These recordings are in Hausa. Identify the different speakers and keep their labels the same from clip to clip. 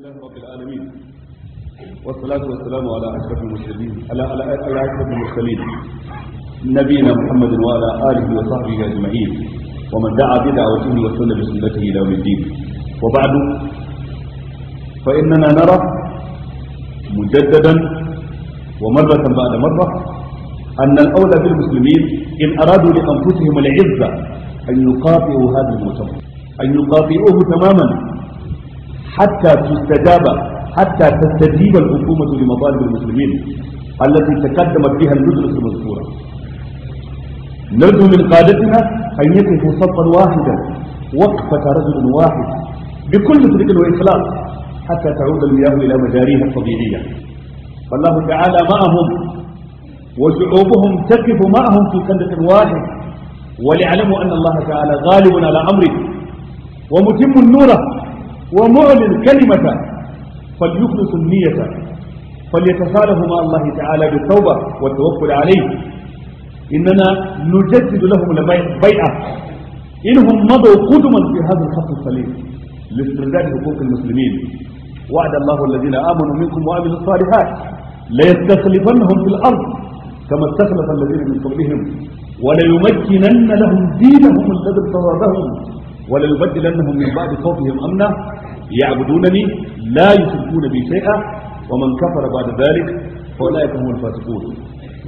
Speaker 1: لله رب العالمين والصلاة والسلام على أشرف المرسلين على على على أشرف المرسلين نبينا محمد وعلى آله وصحبه أجمعين ومن دعا بدعوته وسن بسنته إلى يوم الدين وبعد فإننا نرى مجددا ومرة بعد مرة أن الأولى بالمسلمين إن أرادوا لأنفسهم العزة أن يقاطعوا هذا المؤتمر أن يقاطعوه تماما حتى تستجاب حتى تستجيب الحكومة لمطالب المسلمين التي تقدمت بها المجلس المذكورة نرجو من قادتنا أن يقفوا صفا واحدا وقفة رجل واحد بكل صدق وإخلاص حتى تعود المياه إلى مجاريها الطبيعية فالله تعالى معهم وشعوبهم تقف معهم في خندق واحد وليعلموا أن الله تعالى غالب على أمره ومتم النوره ومعلن الكلمة فليخلص النية فليتصالح مع الله تعالى بالتوبة والتوكل عليه إننا نجدد لهم البيعة إنهم مضوا قدما في هذا الخط السليم لاسترداد حقوق المسلمين وعد الله الذين آمنوا منكم وعملوا الصالحات ليستخلفنهم في الأرض كما استخلف الذين من قبلهم وليمكنن لهم دينهم الذي ارتضى وليبدلنهم من بعد خوفهم امنا يعبدونني لا يشركون بي شيئا ومن كفر بعد ذلك فاولئك هم الفاسقون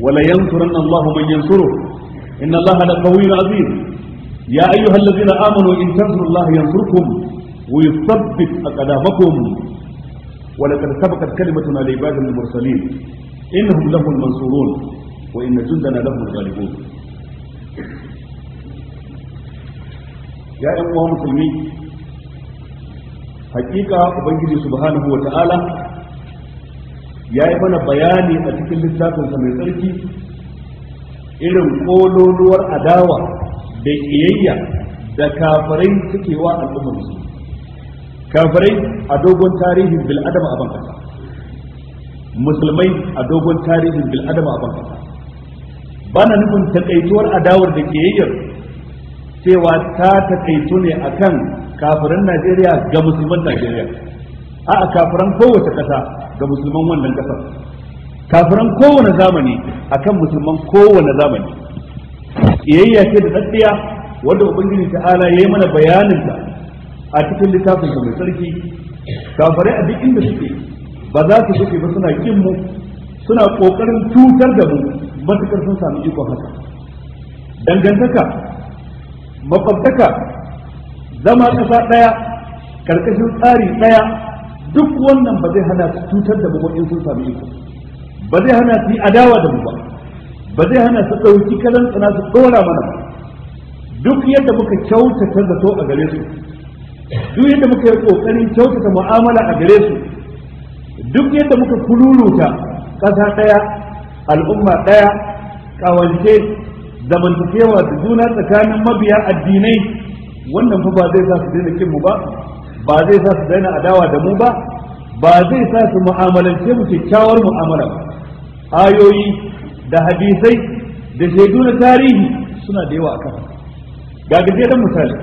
Speaker 1: ولينصرن الله من ينصره ان الله لقوي عزيز يا ايها الذين امنوا ان تنصروا الله ينصركم ويثبت اقدامكم ولقد سبقت كلمتنا لعباد المرسلين انهم لهم المنصورون وان جندنا لهم الغالبون ya ɗan uwa musulmi hakika ubangiji subhanahu wa ta'ala ya yi mana bayani a cikin littafinsa mai tsarki irin kololuwar adawa da ƙiyayya da kafirai suke wa al'ummar su kafirai a dogon tarihin bil'adama a bankasa musulmai a dogon tarihin bil'adama a bankasa ba na nufin takaituwar adawar da ƙiyayyar cewa ta takaitu ne akan kafirin Najeriya ga musulman Najeriya a a kafiran kowace kasa ga musulman wannan kasar kafiran kowane zamani akan musulman kowane zamani kiyayya ce da tsaddiya wanda ubangiji ta'ala ya yi mana bayanin ta a cikin littafin ga mai tsarki. kafirai a duk inda suke ba za su suke ba suna kin mu suna ƙoƙarin cutar da mu matukar sun sami ikon haka dangantaka makwabtaka zama ƙasa ɗaya ƙarƙashin tsari ɗaya duk wannan ba zai hana su cutar da mu sun sami iko ba zai hana su yi adawa da mu ba ba zai hana su ɗauki kalan tsana su ɗora mana duk yadda muka kyautata zato a gare su duk yadda muka yi ƙoƙarin kyautata mu'amala a gare su duk yadda muka kururuta ƙasa ɗaya al'umma ɗaya ƙawance zamantakewa da juna tsakanin mabiya addinai wannan fa ba zai sa su daina kinmu ba ba zai sa su daina adawa da mu ba ba zai sa su mu'amalance mu kyakkyawar mu'amala ayoyi da hadisai da shaidu na tarihi suna da yawa akan ga gajeren misali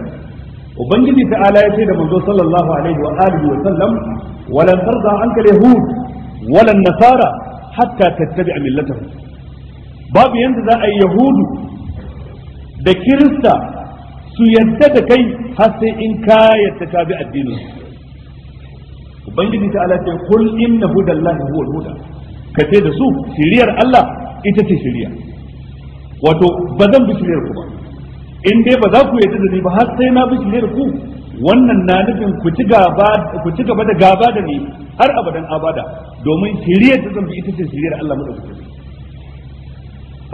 Speaker 1: ubangiji ta'ala ya ce da manzo sallallahu alaihi wa alihi wa sallam walan tarda anka yahud walan nasara hatta tattabi'a millatahum babu yanda za a yi yahudu da kirista su yadda da kai har sai in ka yadda ka bi addinin ubangiji ta ala ce kul inna hudallahi huwal huda ka ce da su shiriyar Allah ita ce shiriya wato ba zan bi shiriyar ku ba in dai ba za ku yadda da ni ba har sai na bi shiriyar ku wannan na nufin ku ci gaba da gaba da ni har abadan abada domin shiriyar da zan bi ita ce shiriyar Allah madaukakin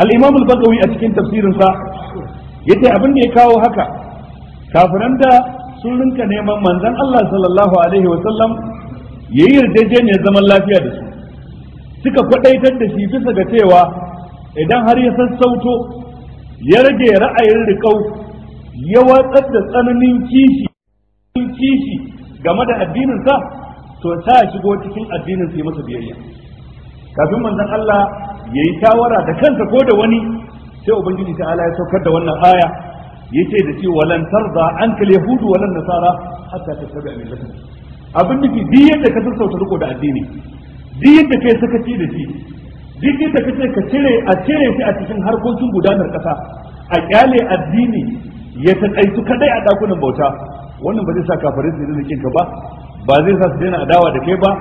Speaker 1: al-imam al-bagawi a cikin tafsirinsa sa yace abin da ya kawo haka kafiran da sun rinka neman manzon Allah sallallahu alaihi wa sallam yayi yarjejeniyar zaman lafiya da su suka kwadaitar da shi bisa ga cewa idan har ya sassauto ya rage ra'ayin riƙau ya watsar da tsananin kishi kishi game da addininsa, sa to ta shigo cikin addinin sai masa biyayya kafin manzon Allah yi tawara da kansa ko da wani sai ubangiji ta ala ya saukar da wannan aya ce da ce walan tarda anka yahudu walan nasara hatta tattabi'a millatakum abin nufi duk yadda ka sassauta riko da addini duk yadda kai ci da shi duk yadda ka ce ka cire a cire shi a cikin harkokin gudanar kasa a kyale addini ya taƙaitu kadai a dakunan bauta wannan ba zai sa kafirai su daina kinka ba ba zai sa su daina adawa da kai ba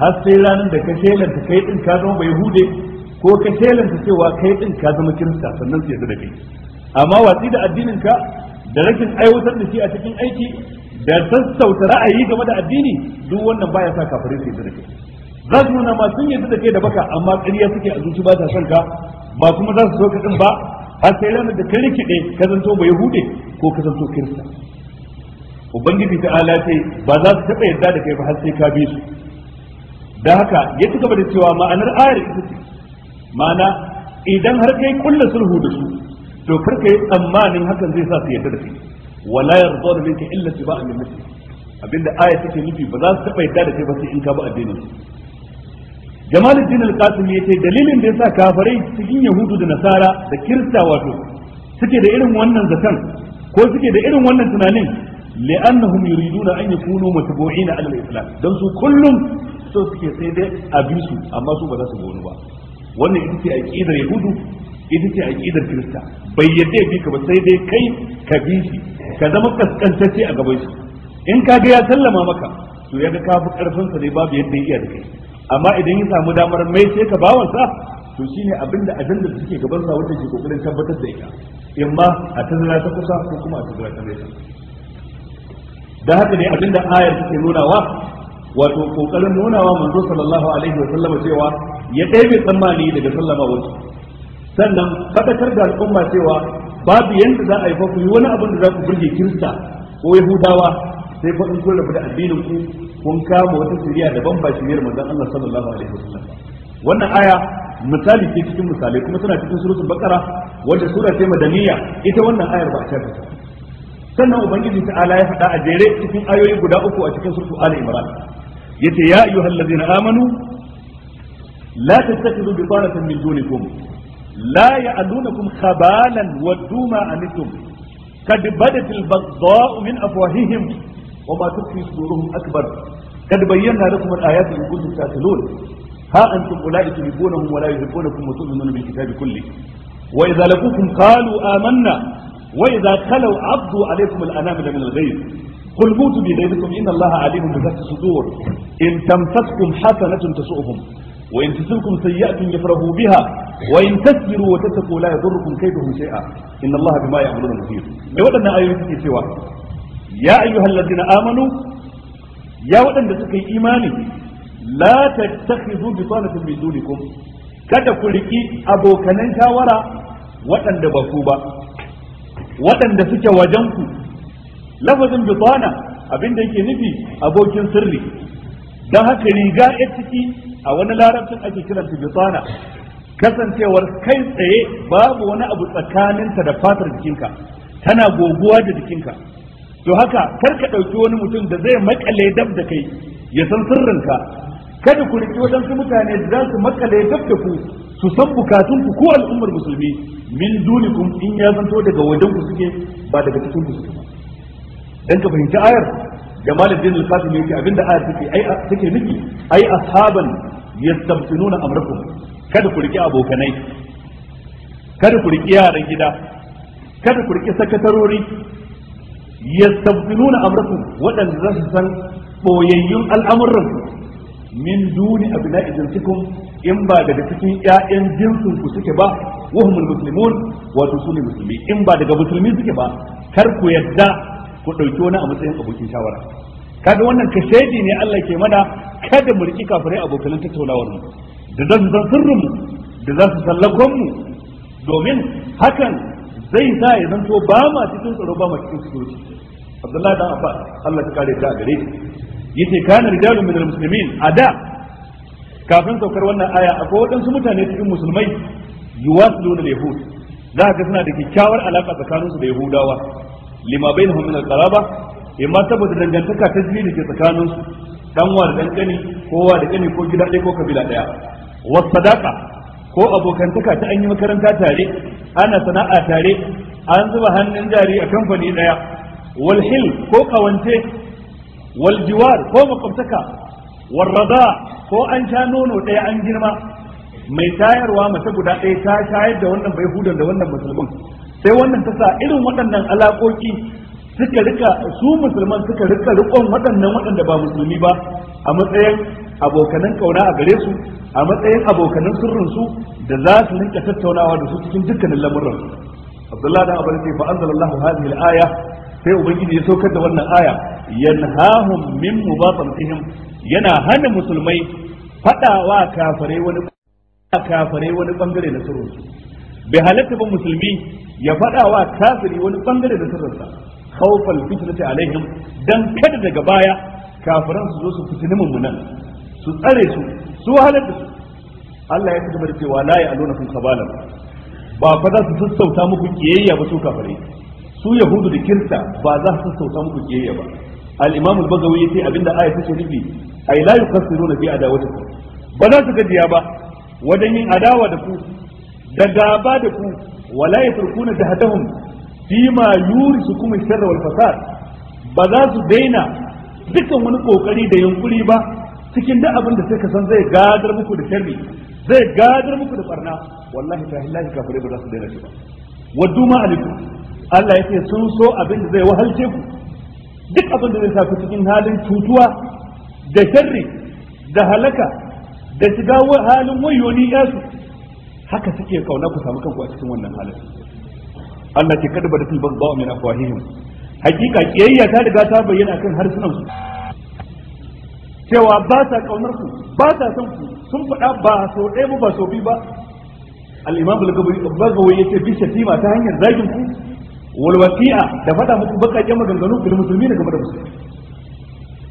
Speaker 1: har sai ranar da ka shelanta kai din ka zama bai hude ko ka shelanta cewa kai din ka zama kirista sannan su da kai amma watsi da addinin ka da rashin aiwatar da shi a cikin aiki da sassauta ra'ayi game da addini duk wannan baya sa kafare su da kai za su nuna ma sun da kai da baka amma ƙarya suke a zuci ba ta son ka ba kuma za su so ka din ba har sai ranar da ka rikide ka zanto bai hude ko ka zanto kirista ubangiji ta ala ce ba za su taɓa yarda da kai ba har sai ka bi su da haka ya ci gaba da cewa ma'anar ayar ita ce ma'ana idan har kai kulla sulhu da su to kar ka yi tsammanin hakan zai sa su yarda da kai wala yarda da minka illa tiba'an lil muslim abinda aya take nufi ba za su taba yarda da kai ba sai in ka bi addinin Jamaluddin al-Qasimi yace dalilin da yasa kafirai cikin Yahudu da Nasara da Kirista wato suke da irin wannan zakan ko suke da irin wannan tunanin li'annahum yuriduna an yakunu mutabu'ina na al-islam dan su kullum so suke sai dai a bi su amma su ba za su wani ba wannan ita ce aqidar yahudu ita ce aqidar kirista bai yadda bi ka ba sai dai kai ka bi shi ka zama kaskantacce a gaban shi in ka ga ya sallama maka to ya ga kafi karfin sa ne babu yadda ya iya da kai amma idan ya samu damar mai sai ka bawansa to shine abin da da suke gaban sa wanda ke kokarin tabbatar da ita in ma a tazara ta kusa ko kuma a tazara ta nesa da haka ne abinda da ayar take nunawa wato kokarin nunawa manzo sallallahu alaihi wa sallama cewa ya ɗaya tsammani daga sallama wasu sannan fadakar da al'umma cewa babu yanda za a yi ku yi wani abin da za ku burge kirista ko yahudawa sai fa in kun da addinin ku kun kama wata shiriya daban ba shiriyar manzon Allah sallallahu alaihi wa sallam wannan aya misali ce cikin misalai kuma suna cikin suratul baqara wanda sura ce madaniya ita wannan ayar ba a ta sannan ubangiji ta'ala ya fada a jere cikin ayoyi guda uku a cikin suratul ali imran yace ya ayyuhal ladina amanu la tattakhudhu bi qanatin min dunikum la ya'lunukum khabalan wa duma anitum kad badatil baghdha'u min afwahihim wa ma tukfi suduruhum akbar kad bayyana lakum al-ayati in kuntum tatalun ha antum ulai tulibunahum wa la yuhibbunakum wa tu'minuna bil kitabi kulli wa idza laqukum qalu amanna wa idza khalu 'abdu 'alaykum al-anamila min al قل موتوا بغيظكم إن الله عليم بذات الصدور إن تمسسكم حسنة تسؤهم وإن تصبكم سيئة يفرحوا بها وإن تصبروا وتتقوا لا يضركم كيدهم شيئا إن الله بما يعملون بصير يا ودنا آياتي سوى يا أيها الذين آمنوا يا ودنا سكي إيماني لا تتخذوا بطانة من دونكم kada ku riki abokanan shawara waɗanda ba ku ba waɗanda suke wajen ku lafazin bitana abinda yake nufi abokin sirri don haka riga ya ciki a wani larabcin ake kiranta bitana kasancewar kai tsaye babu wani abu tsakaninta da fatar jikinka tana goguwa da jikinka to haka kar ka ɗauki wani mutum da zai makale dab da kai ya san sirrinka kada ku riki waɗansu mutane da za su makale dab da ku su san bukatun ku ko al'ummar musulmi min dunikum in ya zanto daga wajen ku suke ba daga cikin musulmi dan ka fahimci ayar jamaluddin al-qasim yake abinda ayar take ai take Miki, ai ashaban yastabtinuna amrakum kada ku riki abokanai kada ku riki yaran gida kada ku riki sakatarori yastabtinuna amrakum wadanda za su san boyayyun al'amuran min duni abna'i jinsikum in ba daga cikin ƴaƴan jinsin ku suke ba wahumul muslimun wato sune musulmi in ba daga musulmi suke ba kar ku yadda ko ɗauki wani a matsayin abokin shawara kaga wannan ka shaidi ne Allah ke mana kada mu riki kafirai abokan tattaunawar mu da za su san sirrin mu da za su sallakon mu domin hakan zai sa ya zanto ba ma cikin tsaro ba ma cikin security Abdullahi dan Abba Allah ta kare ta gare yace kana rijalun minal muslimin ada kafin saukar wannan aya akwai waɗansu mutane cikin musulmai yuwasiluna al-yahud za ka suna da kyakkyawar alaka tsakaninsu da yahudawa lima bainahum min ya imma saboda dangantaka ta jini da ke tsakanin su dan wa da dan kani kowa da kani ko gida ɗaya ko kabila ɗaya Wasu sadaka ko abokantaka ta an yi makaranta tare ana sana'a tare an zuba hannun jari a kamfani ɗaya Walhil ko kawance Waljiwar ko makwabtaka Warraza ko an sha nono ɗaya an girma mai tayarwa mace guda ɗaya ta shayar da wannan bai hudan da wannan musulmin sai wannan ta sa irin waɗannan alaƙoƙi suka rika su musulman suka rika rikon waɗannan waɗanda ba musulmi ba a matsayin abokanan kauna a gare su a matsayin abokanan sirrin su da za su rinka tattaunawa da su cikin dukkanin lamuran Abdullahi da Abu Bakar fa anzalallahu hadhihi al-aya sai ubangiji ya saukar da wannan aya yanhahum min mubatatihim yana hana musulmai faɗawa kafare wani kafirai wani bangare na sirrin su bai halatta ba musulmi ya faɗa wa kafiri wani bangare da sirrinsa khawfal fitnati alaihim dan kada daga baya kafiran su zo su fitini mummunan su tsare su su wahalar da su Allah ya fito da cewa la ya'luna kun kabalan ba fa za su sassauta muku kiyayya ba su kafare su yahudu da kirta ba za su sassauta muku kiyayya ba al-imam al-bagawi yace abinda aya take nufi ay la yuqassiruna fi adawatikum ba za su gajiya ba wajen yin adawa da ku da gaba da ku wala yatrukuna jahdahum fima yurisukum sharra wal fasad ba za su daina dukan wani kokari da yunkuri ba cikin da abin da sai ka san zai gadar muku da sharri zai gadar muku da barna wallahi ta hillahi kafirai ba za su daina shi ba waddu ma alikum Allah yake sun so abin da zai wahalce ku duk abin da zai sa ku cikin halin cutuwa da sharri da halaka da shiga halin wayoni yasu haka suke kauna ku samu kanku a cikin wannan halin Allah ke kada bada tilbar bawa min afwahihim hakika kiyayya ta riga ta bayyana kan harsunan su cewa ba sa kaunar ku ba sa son ku sun faɗa ba so ɗaya ba ba so biyu ba al-imam al-gabawi yace bi shatima ta hanyar zagin ku wal wasi'a da faɗa muku bakaƙen maganganu musulmi muslimina game da musulmi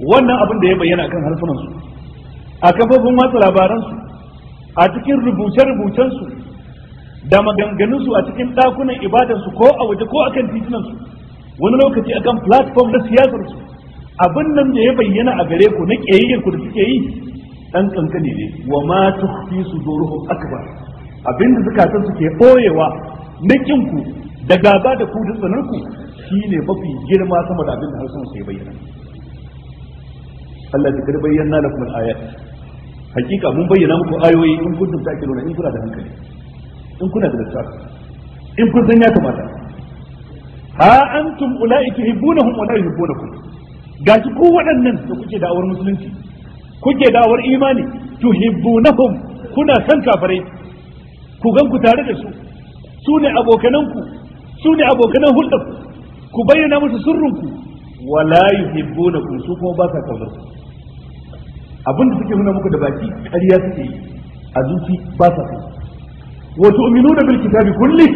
Speaker 1: wannan abin da ya bayyana kan harsunan su akan babban watsa labaran su a cikin rubuce-rubucensu da maganganunsu a cikin ɗakunan ibadarsu ko a waje ko akan titunansu wani lokaci akan platform na siyasarsu abin nan da ya bayyana a gare ku na ƙiyayyar ku da suke yi ɗan ƙanƙani ne wa ma su zo suduruhum akbar abin da zukatan suke ɓoyewa na ku da gaba da ku da tsanar ku shine mafi girma sama da abin da harsunan su ya bayyana Allah ta bayyana na kuma ayat hakika mun bayyana muku ayoyi in kuntum ta'qiluna in kuna da hankali in kuna da lissafi in kun san ya kamata ha antum ula'i tuhibbunahum wa la yuhibbunakum gashi ku waɗannan da kuke da'awar musulunci kuke da'awar imani tuhibbunahum kuna san kafirai ku ganku ku tare da su su ne abokananku su ne abokanan hulɗar ku bayyana musu sirrinku wala yuhibbunakum su kuma ba sa kaunar ku abinda suke nuna muku da baki ƙarya suke yi a zuci ba sa kai wa da bil kitabi kulli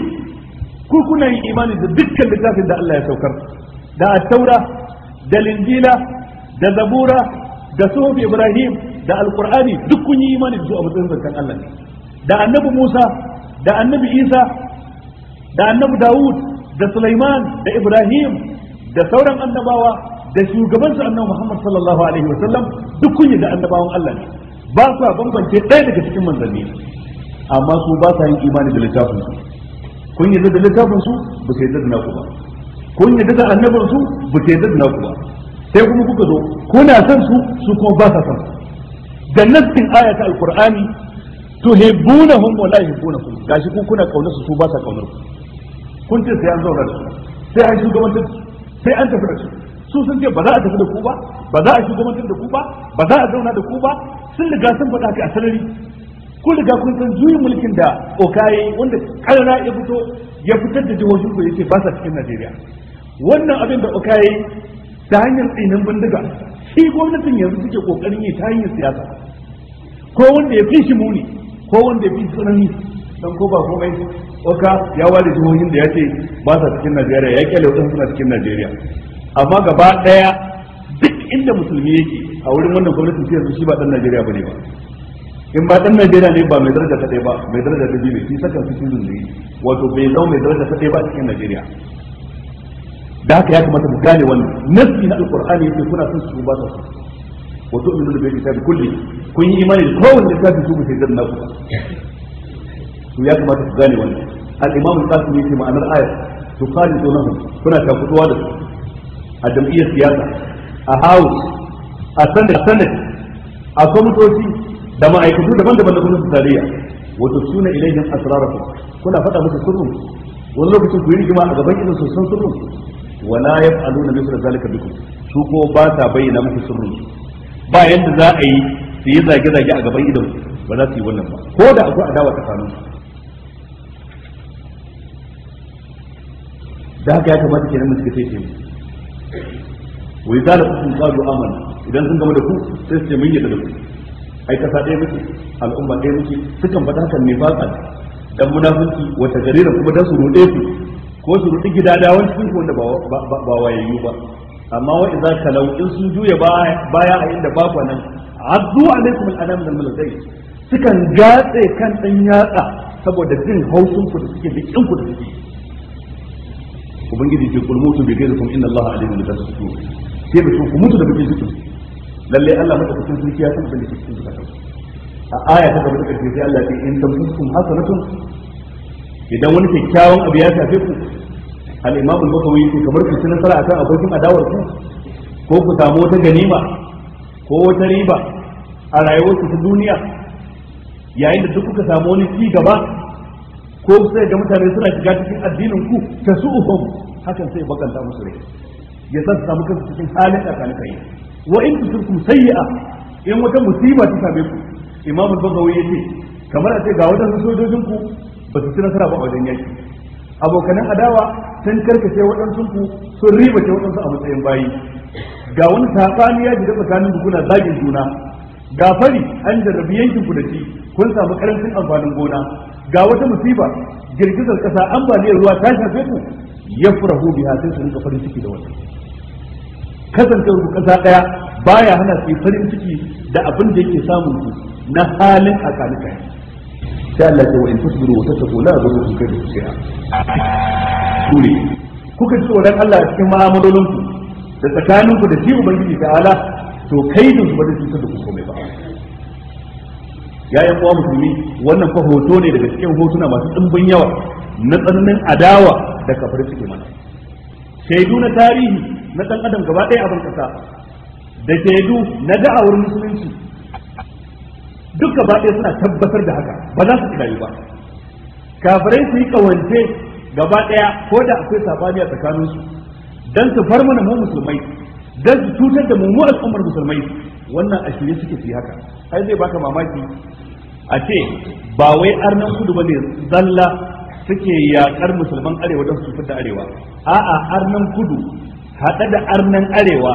Speaker 1: ku kuna yin imani da dukkan littafin da Allah ya saukar da at-taura da linjila da zabura da suhuf ibrahim da alqur'ani duk kun yi imani da su a matsayin Allah ne da annabi Musa da annabi Isa da annabi Dawud da Sulaiman da Ibrahim da sauran annabawa da shugaban su annabi Muhammad sallallahu alaihi wa sallam duk kun da annabawan Allah ne ba sa bambance ɗaya daga cikin manzanni amma su ba sa yin imani da littafin su kun yadda da littafin su ba sai yarda ku ba kun yadda da annabin su ba sai yarda ku ba sai kuma kuka zo kuna son su su kuma ba sa son su da nassin ayatul alqur'ani tuhibbunahum wa la yuhibbunakum gashi ku kuna kaunar su su ba sa kaunar ku kun ce sai an zauna da su sai an shugabantar su sai an tafi da su su sun ce ba za a tafi da ku ba ba za a shugabantar da ku ba ba za a zauna da ku ba sun riga sun faɗa ka a sarari ku riga kun san juyin mulkin da okaye wanda karara ya fito ya fitar da jihohin ku yace ba sa cikin Najeriya wannan abin da okaye ta hanyar tsinin bindiga shi gwamnatin yanzu suke kokarin yi ta hanyar siyasa ko wanda ya fi shi muni ko wanda ya fi tsanani dan ko ba komai oka ya ware jihohin da ya ce ba sa cikin Najeriya ya kyale wadansu suna cikin Najeriya amma gaba daya duk inda musulmi yake a wurin wannan gwamnatin sai yanzu shi ba dan Najeriya bane ba in ba dan Najeriya ne ba mai daraja ta ba mai daraja ta biyu shi saka su cikin ne wato bai zama mai daraja ta ba a cikin Najeriya da haka ya kamata mu gane wannan nasi na alqur'ani yake kuna son su ba wato in da bai kitabi kulli kun yi imani da kowanne littafi su ku sai dan naku to ya kamata ku gane wannan al-imam al-qasimi yake ma'anar ayat tuqalidunahum kuna takutuwa da su a jam'iyyar siyasa a house a senate a kwamitoci da ma'aikatu daban-daban na gwamnatin tarayya wato suna ilaihim asraratu kuna faɗa musu sirrin wani lokacin ku yi rigima a gaban irin sosan sirrin wala ya yaf'aluna mithla zalika bikum su ko ba ta bayyana muku sirrin ba yadda za a yi su yi zage-zage a gaban idan ba za su yi wannan ba ko da akwai adawa tsakanin su da haka ya kamata kenan mu shiga sai Wai wa idza laqukum tsaro amana idan sun gama da ku sai su ce mun yarda da ku ai kasa ɗaya muke al'umma ɗaya muke sukan fata hakan ne fasa dan munafunci wata gariran kuma dan su ruɗe su ko su gida gidadawan cikin ku wanda ba wayayyu ba amma wa idza kalau in sun juya baya a inda ba nan azu alaikum al'anam min al-malakai sukan gatse kan dan yatsa saboda jin hausun ku da suke da ku da suke ubangiji ce kul mutu bi ghayrikum inna allaha alimun bi tasfiku sai da ku mutu da bakin cikin lalle Allah madaukakin sarki ya san abin da ke cikin zakar a aya ta gaba ta karshe sai Allah ya ce in tamsukum hasanatun idan wani kyakkyawan abu ya shafe ku al-imam al-bukhari yake kamar ku ci nasara akan abokin adawar ku ko ku samu wata ganima ko wata riba a rayuwarku ta duniya yayin da duk kuka samu wani ci gaba ko sai ga mutane suna shiga cikin addinin ku ta su uhum hakan sai bakanta musu rai ya san su samu kansu cikin halin tsakanin kai wa in tusurkum sayyi'a in wata musiba ta same ku imamul bazawi yace kamar a ce ga wadannan sojojin ku ba su ci nasara ba a wajen yaki abokanan adawa sun karkace waɗansu ku sun ribace waɗansu a matsayin bayi ga wani sabani ya jira tsakanin kuna zagin juna ga fari an jarrabi yankin ku da shi kun samu karancin amfanin gona ga wata musiba girgizar kasa ambaliyar ruwa ta shafe ku yafrahu biha sai su rinka farin ciki da wata. kasancewar ku kasa daya baya hana su farin ciki da abin da yake samun ku na halin akalika sai Allah ya wa ta tusbiru wa tattaqu la yadurrukum kaydu shay'a sure kuka ci tsoron Allah a cikin ma'amalolinku da tsakaninku da shi ubangiji ta'ala to kai su ba da su da ku komai ba ya yan uwa musulmi wannan fa hoto ne daga cikin hotuna masu dimbin yawa na tsananin adawa da kafir suke mana shaidu na tarihi na ɗan adam gaba ɗaya abin kasa da shaidu na da'awar musulunci duk gaba ɗaya suna tabbatar da haka ba za su tsayi ba kafirai su yi ƙawance gaba ɗaya ko da akwai sabani a tsakaninsu dan su farmana mu musulmai dan su cutar da mu mu al'ummar musulmai wannan a shirye suke su haka ai zai baka mamaki a ce ba wai arnan kudu ba ne zalla suke yakar musulman arewa don su da arewa a'a arnan kudu haɗe da arnan arewa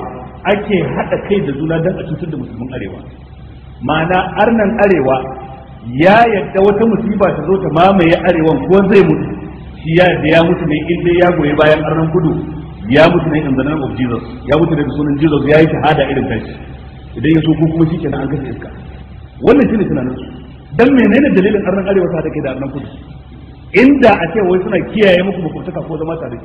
Speaker 1: ake haɗa kai da juna don a cutar da musulman arewa ma'ana arnan arewa ya yadda wata musiba ta zo ta mamaye arewan ko zai mutu shi ya da ya mutu ne in ya goyi bayan arnan kudu ya mutu ne in the of Jesus ya mutu ne sunan Jesus ya yi shahada irin kai idan ya zo ko kuma shi kenan an kasa iska wannan shine tunanin su dan menene dalilin arnan arewa ta take da arnan kudu inda a ce wai suna kiyaye muku makwabtaka ko zama tare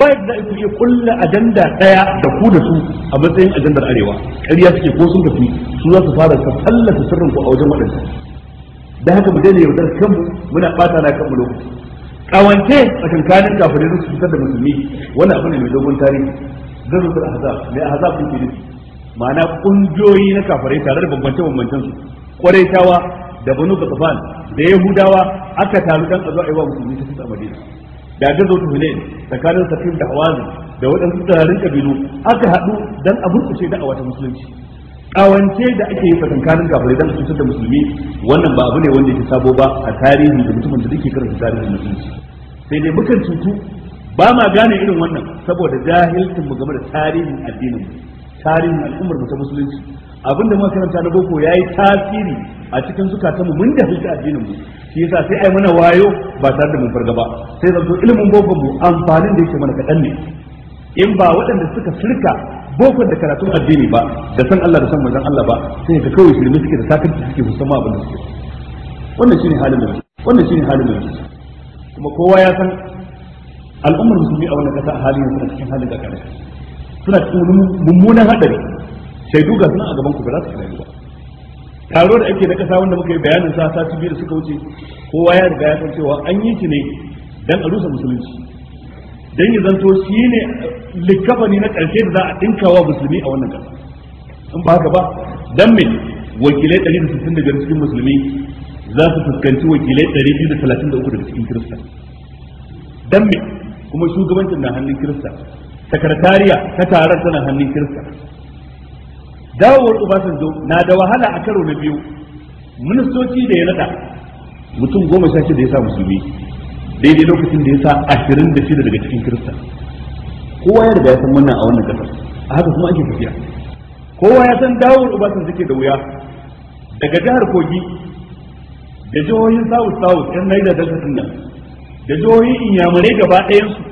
Speaker 1: ba yadda za ku iya kulla ajanda daya da ku da su a matsayin ajandar arewa ƙarya suke ko sun tafi su za su fara su tallata sirrin ku a wajen waɗanda da haka mu daina yaudar kanmu muna ɓata na kanmu lokaci kawance tsakanin kafirai su fitar da musulmi wannan abu ne mai dogon tarihi zan rubuta ahzab mai ahzab ɗin ke nufi ma'ana ƙungiyoyi na kafirai tare da bambance bambancen su tawa da banu qatfan da yahudawa aka taru dan a zo a yi wa musulmi ta a madina da gazo ta tsakanin safin da hawazin da waɗansu tsararin kabilu aka haɗu dan a burkushe da'awa ta musulunci kawance da ake yi tsakankanin kafirai dan su da musulmi wannan ba abu ne wanda yake sabo ba a tarihi da mutumin da yake karanta tarihin musulunci sai dai mukan cutu ba ma gane irin wannan saboda jahilcin mu game da tarihin addinin mu tarihin al'ummar mu ta musulunci abinda muka karanta na boko yayi tasiri a cikin zukatan mu mun da ta addinin mu shi yasa sai ai mana wayo ba tare da mun farga ba sai zanto ilimin boko mu amfanin da yake mana kadan ne in ba waɗanda suka shirka boko da karatun addini ba da san Allah da san manzon Allah ba sai ka kawai shirme suke da sakanci suke musamman abin da suke wannan shine halin mu wannan shine halin mu kuma kowa ya san al'ummar musulmi a wannan kasa halin yanzu a cikin halin da kare suna cikin mummunan hadari shaidu ga suna a gaban ku ba za su kira ba taro da ake na kasa wanda muka yi bayanin sa sati biyu da suka wuce kowa ya riga ya san cewa an yi shi ne dan a rusa musulunci dan ya zanto shi ne likafani na karshe da za a wa musulmi a wannan kasa in ba haka ba dan me wakilai 165 cikin musulmi za su fuskanci wakilai 233 daga cikin kirista dan me kuma shugabancin na hannun kirista sakatariya ta taron tana hannun kirista dawowar obasanjo na da wahala a karo na biyu ministoci da ya nada mutum goma sha shida ya sa musulmi daidai lokacin da ya sa ashirin da shida daga cikin kirista kowa ya riga ya san wannan a wannan kasar a haka kuma ake tafiya kowa ya san dawowar obasanjo suke da wuya daga jihar kogi da jihohin south south yan naija delta din nan da jihohin inyamurai gaba ɗayansu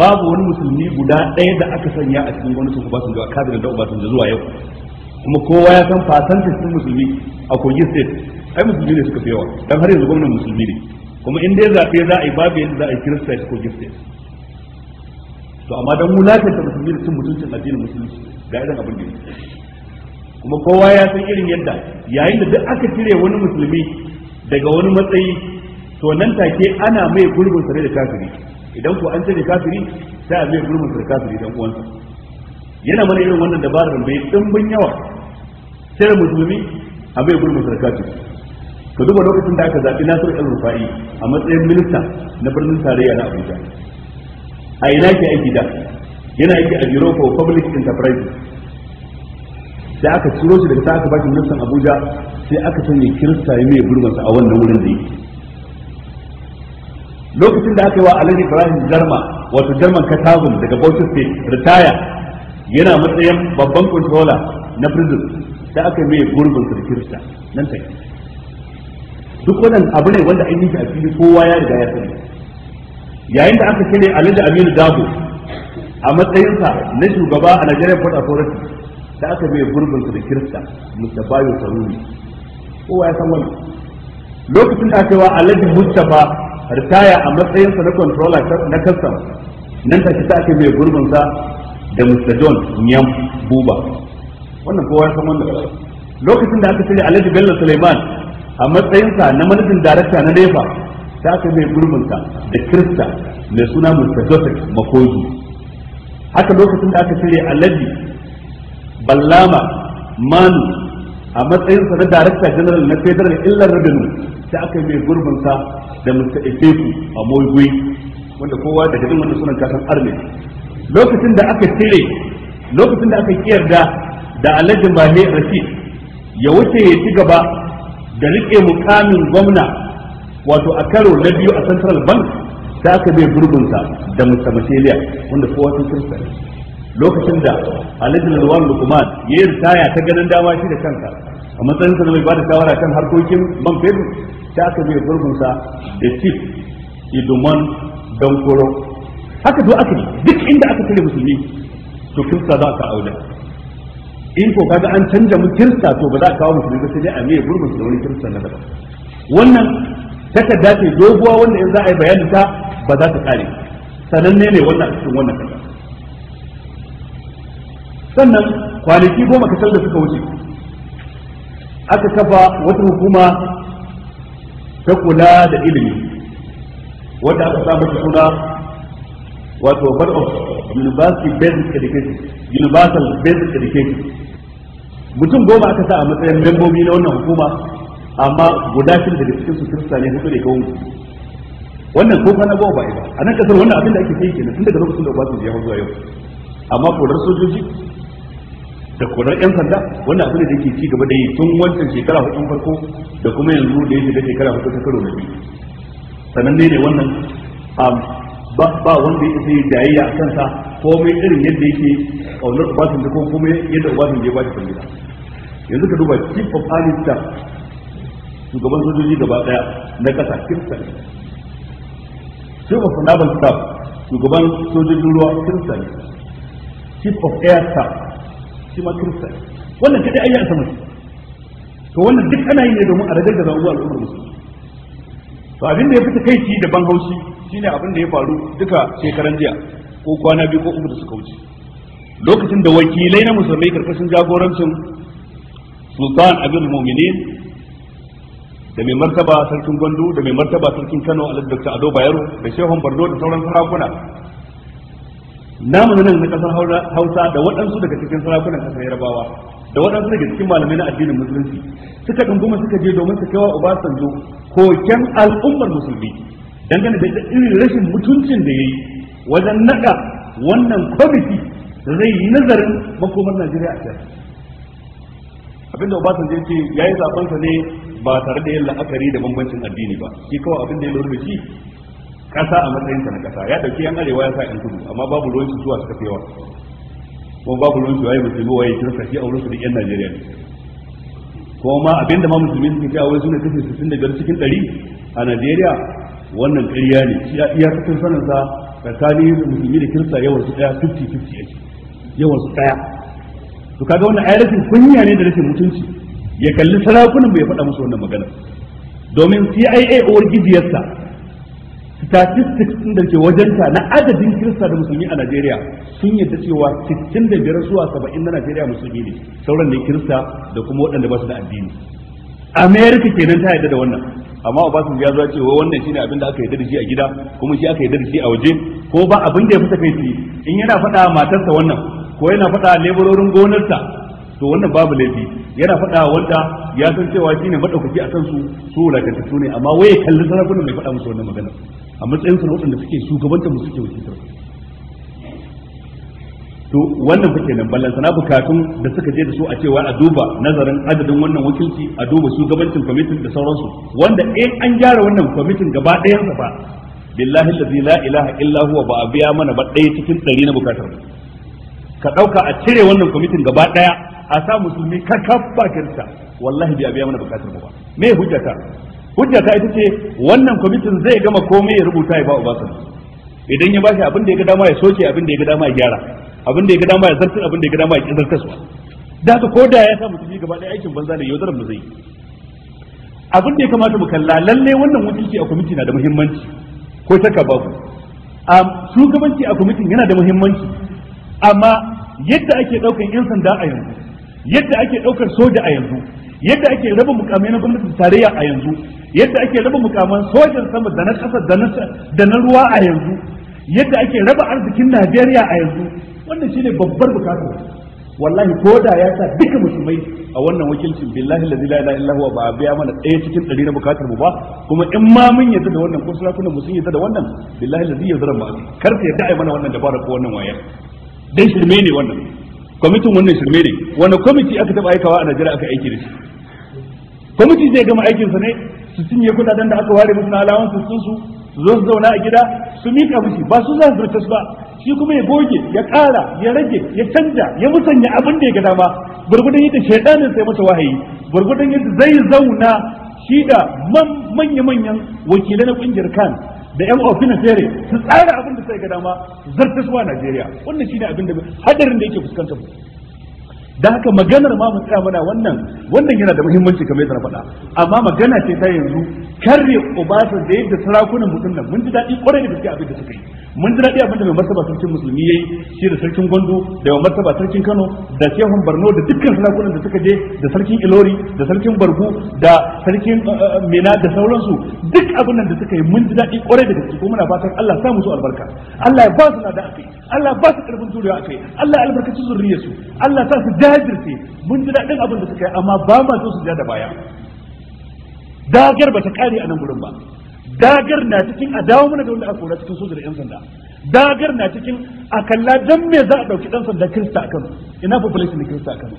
Speaker 1: babu wani musulmi guda ɗaya da aka sanya a cikin sun Obasanjo zuwa kadirin da da zuwa yau kuma kowa ya san fasantin cikin musulmi a kogin state ai musulmi ne suka fi yawa don har yanzu gwamnan musulmi ne kuma in dai zaɓe za a yi babu yadda za a yi kirista a kogin state to amma dan wulakanta musulmi da sun mutuncin addinin musulmi ga irin abin da kuma kowa ya san irin yadda yayin da duk aka cire wani musulmi daga wani matsayi to nan take ana mai gurbin sare da kafiri idan ku an cire kafiri sai a mai gurbin da kafiri dan uwansa yana mana irin wannan dabarar mai dimbin yawa sai musulmi a mai gurbin kafiri ka duba lokacin da aka zaɓi Nasiru El Rufai a matsayin minista na birnin tarayya na Abuja a ina ke aiki da yana aiki a Bureau for Public Enterprise sai aka ciro shi daga sa aka bashi ministan Abuja sai aka sanya kirista mai gurbin sa a wannan wurin da yake lokacin da aka yi wa alhaji ibrahim jarma wato jarman katabun daga bauchi state ritaya yana matsayin babban controller na prison da aka mai gurbin kirista nan take duk wannan abu ne wanda an yi a fili kowa ya riga ya sani yayin da aka kire alhaji aminu dabo a matsayinsa na shugaba a nigeria port authority da aka mai gurbin kirista mustafa yau saruri kowa ya san wannan lokacin da aka yi wa alhaji mustapha ritaya a matsayinsa na controller na custom nan take ta ake mai gurbin sa da Mr. John Nyam Buba wannan kowa ya san wannan lokacin da aka cire Alhaji Bello Suleiman a matsayinsa na manajin darakta na NEPA ta aka mai gurbin sa da Krista mai suna Mr. Joseph Makoji haka lokacin da aka cire Alhaji Ballama Manu a matsayin sa na director general na federal illar rabinu sai aka yi mai gurbin sa da Mr. Efeku a Moigui wanda kowa da din wannan sunan kasan arne lokacin da aka cire lokacin da aka kiyarda da Alhaji Mahe Rashid ya wuce ya ci gaba da rike mukamin gwamna wato a karo na biyu a Central Bank sai aka mai gurbin sa da Mr. Matelia wanda kowa sun kirsa lokacin da alijin alwar lukman ya yi ritaya ta ganin dama shi da kanka a matsayin sa mai bada shawara kan harkokin ban fetur ta aka mai gurbinsa da chief don koro. haka zo aka duk inda aka kare musulmi to kirsta za ka aure in ko kaga an canja mu kirista to ba za a kawo musulmi ba sai dai a mai gurgunsa da wani kirista na daban wannan taka dace doguwa wanda in za a yi bayanin ta ba za ta kare sananne ne wannan a cikin wannan kasa sannan kwanaki goma kasar da suka wuce aka kafa wata hukuma ta kula da ilimi wadda aka samu shi suna wato board of university basic education universal basic education mutum goma aka sa a matsayin membobi na wannan hukuma amma guda shi daga cikin su kirista ne hudu ne kawai wannan ko kwana goma ba a nan kasar wannan abin da ake ke kenan tun daga lokacin da ba su biya zuwa yau amma korar sojoji da korar yan sanda wannan abin da yake ci gaba da yi tun wancan shekara hudun farko da kuma yanzu da yake da shekara hudu ta karo na biyu sananne ne wannan um, ba wanda ya isa dayayya a kansa mai irin yadda yake kaunar ubasan da ko kuma yadda ubasan ya ba shi kwangila yanzu ka duba chief of army staff shugaban sojoji gaba daya na kasa kirista chief of naval staff shugaban sojojin ruwa kirista chief of air staff shi ma kirista wannan kadai ayyan sama to wannan duk ana yi ne domin a ragar da zaɓu al'ummar musu to abin da ya fi takaici da ban haushi shine abin da ya faru duka shekaran jiya ko kwana biyu ko uku da suka wuce lokacin da wakilai na musulmai karkashin jagorancin sultan abin mu'minin da mai martaba sarkin gwandu da mai martaba sarkin kano a dr ado bayero da shehun bardo da sauran sarakuna namu nan na kasar Hausa da waɗansu daga cikin sarakunan kasar Yarbawa da waɗansu daga cikin malamai na addinin musulunci suka dunguma suka je domin su kaiwa Obasanjo koken al'ummar musulmi dangane da irin rashin mutuncin da ya yi wajen naɗa wannan kwamiti da zai yi nazarin makomar Najeriya a can abinda Obasanjo ya ce ya yi zaɓensa ne ba tare da yin la'akari da bambancin addini ba shi kawai abin da ya lura da shi kasa a matsayin ta na kasa ya dauki yan arewa ya sa yan kudu amma babu ruwan su zuwa suka yawa kuma babu ruwan su waye musulmi waye kirista shi a wurin su da yan Najeriya kuma ma abinda ma musulmi suke cewa wai suna kashi 65 cikin 100 a Najeriya wannan ƙarya ne shi iya cikin sanin sa tsakanin musulmi da kirista yawan su daya 50 50 yake yawan su daya to kaga wannan ayar rashin kunya ne da rashin mutunci ya kalli sarakunan bai faɗa musu wannan magana domin CIA uwar gidiyarsa statistics din da ke wajenta na adadin kirista da musulmi a Najeriya sun yadda cewa cikin da biyar zuwa 70 na Najeriya musulmi ne sauran ne kirista da kuma waɗanda ba su da addini America kenan ta yadda da wannan amma Obasanjo ya zo ce wa wannan shine abin da aka yarda da shi a gida kuma shi aka yarda da shi a waje ko ba abin da ya fita kai in yana faɗa matarsa wannan ko yana faɗa leburorin gonarsa to wannan babu laifi yana faɗa wanda ya san cewa shine madaukaki a kansu su wulakantattu ne amma waye kallon sarakunan mai faɗa musu wannan magana a matsayin sa waɗanda suke shugabanta musu suke wakiltar to wannan fake nan, ballan sana bukatun da suka je da su a cewa a duba nazarin adadin wannan wakilci a duba shugabancin kwamitin da sauransu wanda in an gyara wannan kwamitin gaba ɗayan sa billahi la ilaha illa huwa ba a biya mana ba ɗaya cikin ɗari na bukatar ka ɗauka a cire wannan kwamitin gaba ɗaya a sa musulmi kafa girka, wallahi bai a biya mana bukatar ba me hujjata hujja ta ita ce wannan kwamitin zai gama komai ya rubuta ya ba Obasanjo idan ya bashi abin da ya ga dama ya soke abin da ya ga dama ya gyara abin da ya ga dama ya zartar abin da ya ga dama ya kin zartaswa da haka ko da ya sa mutum gaba ɗaya aikin banza da yaudarar mu zai abin da ya kamata mu kalla lalle wannan wakilci a kwamiti na da muhimmanci ko shakka babu shugabanci a kwamitin yana da muhimmanci amma yadda ake ɗaukar 'yan sanda a yanzu yadda ake ɗaukar soja a yanzu yadda ake raba mukamai na gwamnatin tarayya a yanzu yadda ake raba mukaman sojan sama da na ƙasa da na ruwa a yanzu yadda ake raba arzikin Najeriya a yanzu wannan shine babbar bukata wallahi ko da ya sa duka musulmai a wannan wakilcin billahi la ilaha illa huwa ba biya mana ɗaya cikin ɗari na bukatar mu ba kuma in ma mun yadda da wannan ko sarakunan mu sun yadda da wannan billahi la yadda ba kar Karfe yadda ai mana wannan dabara ko wannan waya dan shirme ne wannan kwamitin wannan shirme ne wani kwamiti aka taɓa aikawa a Najeriya aka aiki da shi kwamiti zai gama aikinsa ne su cinye kudaden da aka ware musu na alawansu sun su zo su zauna a gida su mika musu ba su za su ba shi kuma ya goge ya kara ya rage ya canja ya musanya abin da ya ga dama gurgudan yadda shaidanin sai masa wahayi gurgudan yadda zai zauna shi da manya-manyan wakilai na ƙungiyar kan da yan ofina fere su tsara abin da sai ga dama zartaswa Najeriya wannan shi ne abin da hadarin da yake fuskantar da haka maganar ma mu mana wannan wannan yana da muhimmanci kamar yadda na faɗa amma magana ce ta yanzu karre ubasa da yadda sarakunan mutum nan mun ji daɗi kwarai da gaske abin da suka yi mun ji daɗi abin da mai martaba sarkin musulmi yayi shi da sarkin gondo da mai martaba sarkin Kano da shehun barno, da dukkan sarakunan da suka je da sarkin Ilori da sarkin Bargu da sarkin eh, eh, Mina da sauransu duk abin nan da suka yi mun ji daɗi kwarai da gaske kuma muna fatan Allah ya sa musu albarka Allah ya ba su da akai Allah ya ba su karfin zuriya akai Allah ya albarkaci zuriyarsu Allah ya sa su jajirce mun ji daɗin abin da suka yi amma ba ma so su ja da baya dagar ba ta kare a nan gurin ba dagar na cikin a dawo mana da wanda aka kora cikin soja da 'yan sanda dagar na cikin a kalla dan me za a ɗauki ɗan sanda kirista a kano ina population da kirista a kano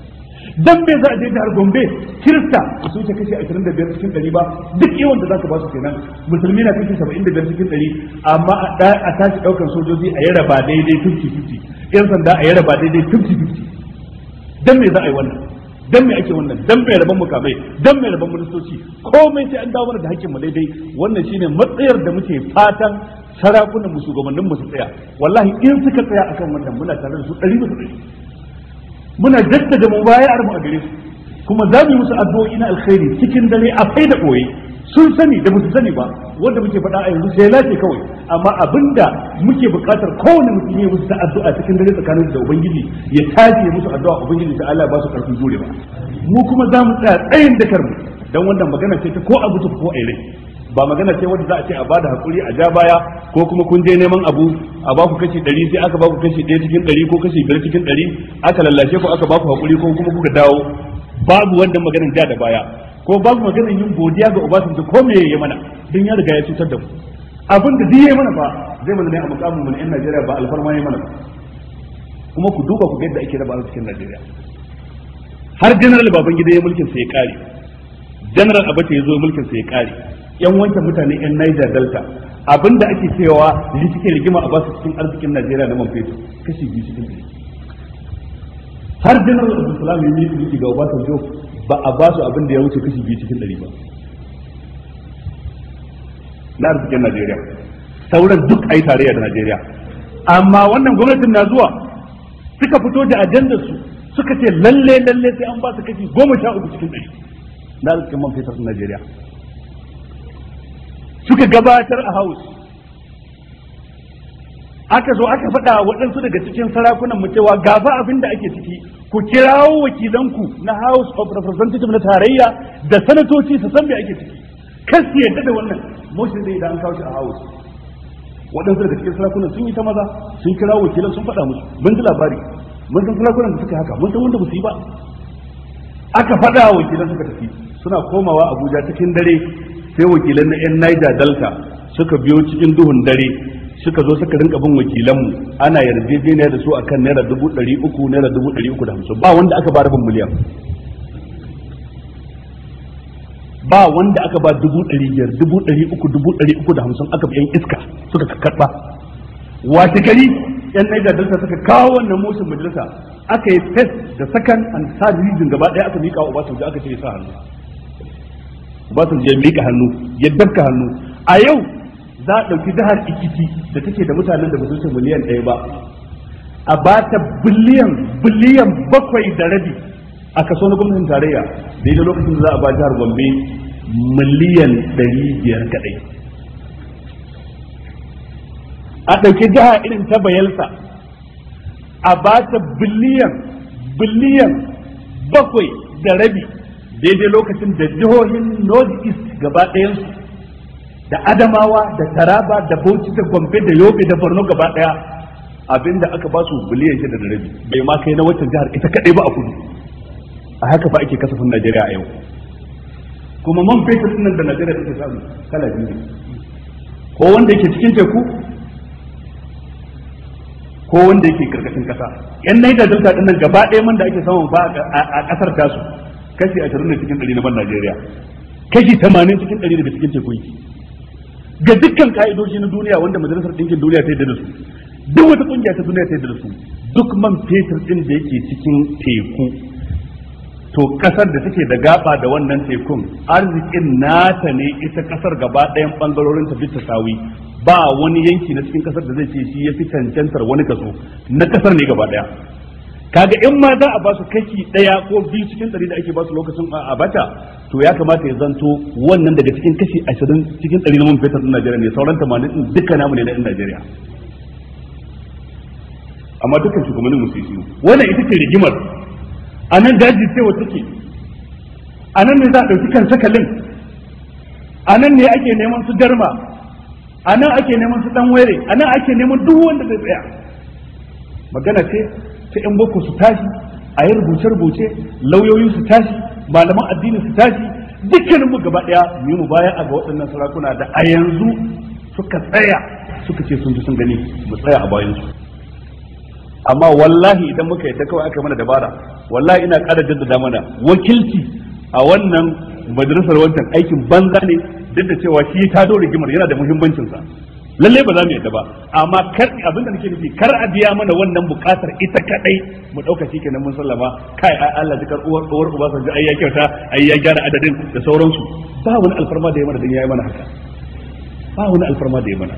Speaker 1: dan me za a je jihar gombe kirista su ta kashe 25 cikin ɗari ba duk yawan da za ka ba su kenan musulmi na kashe 75 cikin ɗari amma a tashi ɗaukar sojoji a yi raba daidai 50-50 'yan sanda a yi raba daidai 50 dan me za a yi wannan dan me ake wannan dan me rabon mukamai dan me rabon ministoci komai sai an dawo mana da hakkin mu daidai wannan shine matsayar da muke fatan sarakunan mu shugabannin mu su tsaya wallahi in suka tsaya akan wannan muna tare da su ɗari muna jaddada mu bayar mu a gare su kuma za mu yi musu addu'o'i na alkhairi cikin dare a kai da koyi sun sani da musu sani ba wanda muke faɗa a yanzu sai lafiya kawai amma abinda muke buƙatar kowane mutum ya musu addu'a cikin dare tsakanin da ubangiji ya tafi musu addu'a ubangiji ta Allah ba su karfin jure ba mu kuma za mu tsaya tsayin da karmu dan wannan magana ce ta ko a mutu ko a rai ba magana ce wanda za a ce a bada hakuri a ja baya ko kuma kun je neman abu a baku kashi ɗari sai aka baku kashi ɗaya cikin ɗari ko kashi biyar cikin ɗari aka lallashe ku aka baku hakuri ko kuma kuka dawo babu wannan maganar ja da baya ko babu maganar yin godiya ga ubasanci ko me ya mana don ya riga ya cutar da mu abin da duk ya mana fa zai mana ne a mukamin mu na yan Najeriya ba alfarma ya mana ba kuma ku duba ku ga yadda ake raba cikin Najeriya har general baban gida ya mulkin sa ya kare general Abacha ya zo mulkin sa ya kare yan wancan mutane yan Niger Delta abin da ake cewa ni rigima a basu cikin arzikin Najeriya na man fetur kashi biyu cikin har general Abdulsalam ya yi ga Obasanjo ba a ba su abin da ya wuce kashi biyu cikin ɗari ba na arzikin Najeriya sauran duk ai tarayya da Najeriya amma wannan gwamnatin na zuwa suka fito da ajandar su suka ce lalle lalle sai an ba su kashi goma sha uku cikin ɗari na arzikin man fetur Najeriya suka gabatar a house aka zo aka faɗa waɗansu daga cikin sarakunan mu cewa gafa abin da ake ciki ku kirawo wakilanku na house of representatives na tarayya da sanatoci su san me ake ciki kas yadda da wannan motion zai idan an kawo shi a house waɗansu daga cikin sarakunan sun yi ta maza sun kirawo wakilan sun faɗa musu mun ji labari mun san sarakunan da suka haka mun san wanda ba su yi ba aka faɗa wakilan suka tafi suna komawa abuja cikin dare sai wakilan na yan niger delta suka biyo cikin duhun dare suka zo suka rinka bin wakilanmu ana yarjejeniya da su akan naira dubu ɗari uku naira dubu ɗari uku da hamsin ba wanda aka ba rabin miliyan ba wanda aka ba dubu ɗari biyar dubu ɗari uku dubu ɗari uku da hamsin aka yan iska suka karɓa wata gari yan naija dalta suka kawo wannan motion majalisa aka yi test da second and third region gaba ɗaya aka miƙa wa basu aka ce ya sa hannu basu ya miƙa hannu ya dabka hannu a yau za a ɗauki jihar ikiti da take da mutanen da ba su miliyan ɗaya ba a ba ta biliyan biliyan bakwai da rabi a kaso na gwamnatin tarayya daidai lokacin da za a ba jihar gombe miliyan ɗari biyar kaɗai a ɗauki jiha irin ta bayelsa a ba ta biliyan biliyan bakwai da rabi daidai lokacin da jihohin north east gaba ɗayansu da adamawa da taraba da bauchi da gombe da yobe da borno gaba daya abinda aka ba su biliyan shida da rabi bai ma kai na wancan jihar ita kadai ba a kudu a haka ba ake kasafin najeriya a yau kuma man fetur nan da najeriya take samu kala biyu ne ko wanda yake cikin teku ko wanda yake karkashin kasa yan naija delta din nan gaba ɗaya man da ake samu ba a kasar tasu kashi 20 cikin ɗari na ban najeriya kashi tamanin cikin ɗari daga cikin teku yake ga dukkan ka'idoji na duniya wanda majalisar ɗinkin duniya ta yi da duk wata kungiya ta duniya ta yi da duk man fetur ɗin da yake cikin teku to ƙasar da take da gaba da wannan tekun arzikin nata ne ita kasar gaba ɗayan ɓangarorin ta bisa sawi ba wani yanki na cikin kasar da zai ce shi ya fi cancantar wani kaso na kasar ne gaba ɗaya kaga in ma za a ba su kashi daya ko biyu cikin dari da ake ba su lokacin a bata to ya kamata ya zanto wannan daga cikin kashi ashirin cikin dari na mafi fetur Najeriya ne sauran tamanin duka namu ne na yan Najeriya amma dukkan shugabannin musu yi wannan ita ce rigimar a nan daji cewa take a nan ne za a ɗauki kan sakalin a nan ne ake neman su garma a nan ake neman su ɗan were a nan ake neman duk wanda zai tsaya magana ce ta yan boko su tashi a yi rubuce-rubuce lauyoyi su tashi malaman addini su tashi dukkanin mu gaba ɗaya mu mu baya a ga waɗannan sarakuna da a yanzu suka tsaya suka ce sun ji sun gani mu tsaya a bayan su amma wallahi idan muka yi ta kawai aka mana dabara wallahi ina ƙara jaddada mana wakilci a wannan majalisar wancan aikin banza ne duk da cewa shi ta dore gimar yana da muhimmancinsa lalle ba za mu yadda ba amma kar abin da nake nufi kar a biya mana wannan bukatar ita kadai mu dauka shikenan mun sallama kai ai Allah zikar uwar uwar uba san ai ya kyauta ai ya gyara adadin da sauransu ba wani alfarma da ya mana dan yayi mana haka ba wani alfarma da ya mana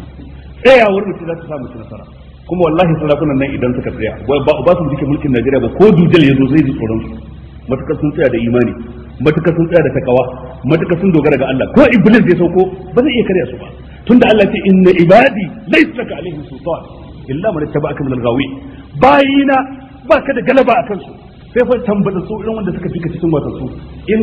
Speaker 1: tsayawar mutum za ta samu nasara kuma wallahi sarakunan nan idan suka tsaya ba ba su jike mulkin Najeriya ba ko dujal yazo zai ji tsoron su matukar sun tsaya da imani matukar sun tsaya da takawa matukar sun dogara ga Allah ko iblis ya sauko ba zai iya karya su ba tunda Allah ce inna ibadi laysa laka alaihim sultan illa man ittaba'aka min al-ghawi bayina baka da galaba akan su sai fa tambata su irin wanda suka fika cikin su, in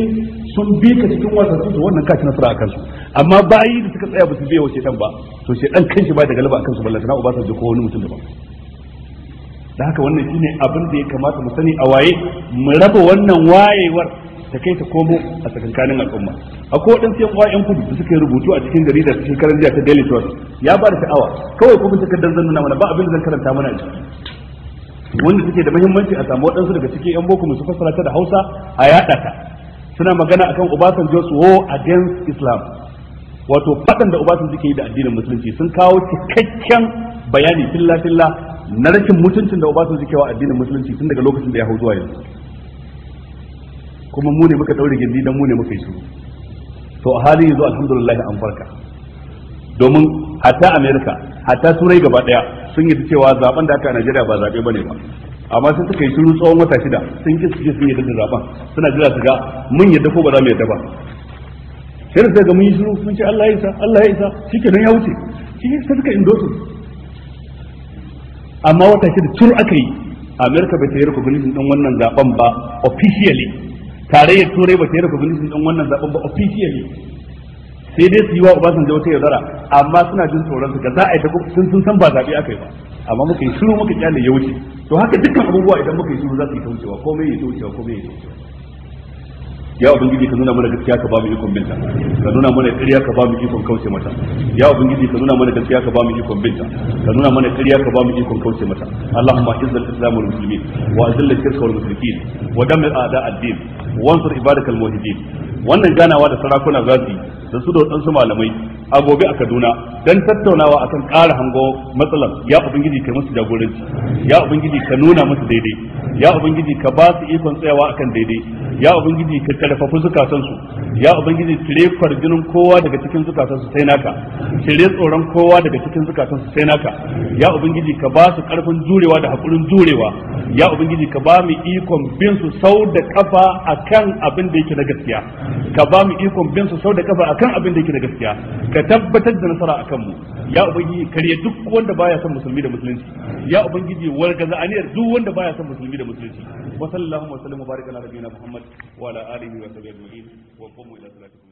Speaker 1: sun bi ka cikin su, to wannan kaci nasara akan su amma bayi da suka tsaya ba su biya wace dan ba to ɗan dan kanshi ba da galaba akan su ballantana ba sa ko wani mutum daban da haka wannan shine abin da ya kamata mu sani a waye mu raba wannan wayewar ta kai ta komo a tsakankanin al'umma akwai waɗansu yan kudu da suka yi rubutu a cikin jaridar cikin karan jiya ta Daily Trust ya ba da sha'awa kawai kuma takardar zan nuna mana ba abin da zan karanta mana a ciki wanda suke da muhimmanci a samu waɗansu daga cikin yan boko su fassara ta da Hausa a yaɗa ta suna magana akan Obasanjo's wo against Islam wato faɗan da ubasan suke yi da addinin musulunci sun kawo cikakken bayani filla filla na rashin mutuncin da ubasan suke wa addinin musulunci tun daga lokacin da ya hau zuwa yanzu kuma mu ne muka daure gindi dan mu ne muka yi su to a halin yanzu alhamdulillah an farka domin hatta america hatta turai gaba daya sun yi cewa zaben da aka a najeriya ba zabe bane ba amma sai suka yi shiru tsawon wata shida sun ki suke sun yi da zaben suna jira su ga mun yadda ko ba za mu yadda ba sai da ga mun yi shiru sun ce Allah ya isa Allah ya isa shike nan ya wuce shi sai suka indosu amma wata shida tur aka yi america bai tayar ko gulishin dan wannan zaben ba officially tarayyar turai ba ta yi recognition ɗan wannan zaɓen ba officially sai dai su yi wa Obasanjo wata yaudara amma suna jin tsoron su ga za a yi ta sun sun san ba zabe aka yi ba amma muka yi shiru muka kyale ya wuce to haka dukkan abubuwa idan muka yi shiru za su yi ta wucewa komai ya ta wucewa komai ya ta wucewa ya ubangiji ka nuna mana gaskiya ka ba mu ikon binta ka nuna mana ƙarya ka ba mu ikon kauce mata ya ubangiji ka nuna mana gaskiya ka ba mu ikon binta ka nuna mana ƙarya ka ba mu ikon kauce mata allahumma izz al-islam wal muslimin wa azil al-shirka wal wa dammir a'da ad-din wa ansur ibadak muwahhidin wannan ganawa da sarakuna zasu da su da wadansu malamai a gobe a Kaduna dan tattaunawa akan ƙara hango matsalar ya ubangiji kai musu jagoranci ya ubangiji ka nuna musu daidai ya ubangiji ka ba su ikon tsayawa akan daidai ya ubangiji ka karfafi zukatan su ya ubangiji tire farjinin kowa daga cikin zukatan su sai naka tire tsoron kowa daga cikin zukatan su sai naka ya ubangiji ka ba su karfin jurewa da hakurin jurewa ya ubangiji ka ba mu ikon bin su sau da kafa akan abin da yake na gaskiya ka ba mu ikon bin su sau da kafa akan abin da yake na gaskiya ka ka tabbatar da nasara akan mu ya ubangiji kare duk wanda baya son musulmi da musulunci ya ubangiji wargaza aniyar duk wanda baya son musulmi da musulunci wa sallallahu wa sallam wa baraka ala nabiyina muhammad wa ala alihi wa sahbihi ajma'in wa qumu ila salatikum